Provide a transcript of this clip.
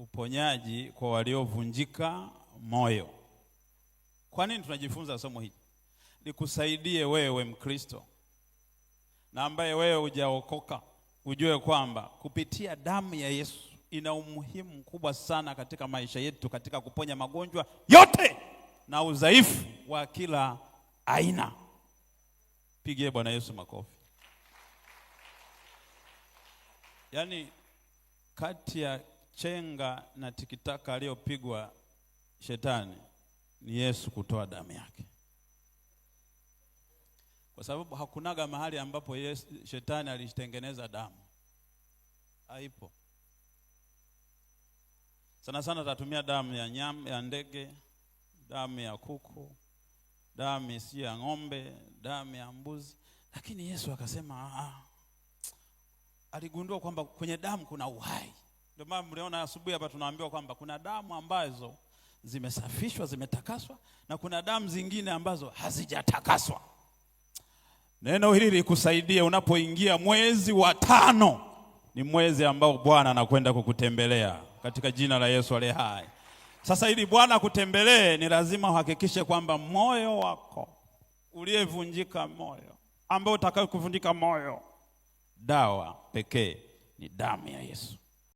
uponyaji kwa waliovunjika moyo. Kwa nini tunajifunza somo hili? nikusaidie wewe Mkristo na ambaye wewe hujaokoka ujue kwamba kupitia damu ya Yesu ina umuhimu mkubwa sana katika maisha yetu, katika kuponya magonjwa yote na udhaifu wa kila aina. Pigie Bwana Yesu makofi. Yaani, kati ya chenga na tikitaka aliyopigwa shetani ni Yesu kutoa damu yake, kwa sababu hakunaga mahali ambapo Yesu, shetani alitengeneza damu, haipo. Sana sana tatumia damu ya nyama ya ndege, damu ya kuku, damu si ya ng'ombe, damu ya mbuzi, lakini Yesu akasema, ah, ah. aligundua kwamba kwenye damu kuna uhai ndio maana mliona asubuhi hapa tunaambiwa kwamba kuna damu ambazo zimesafishwa, zimetakaswa na kuna damu zingine ambazo hazijatakaswa. Neno hili likusaidie unapoingia mwezi wa tano. Ni mwezi ambao Bwana anakwenda kukutembelea katika jina la Yesu aliye hai. Sasa ili Bwana akutembelee, ni lazima uhakikishe kwamba moyo wako uliyevunjika moyo, ambao utakayokuvunjika moyo, dawa pekee ni damu ya Yesu.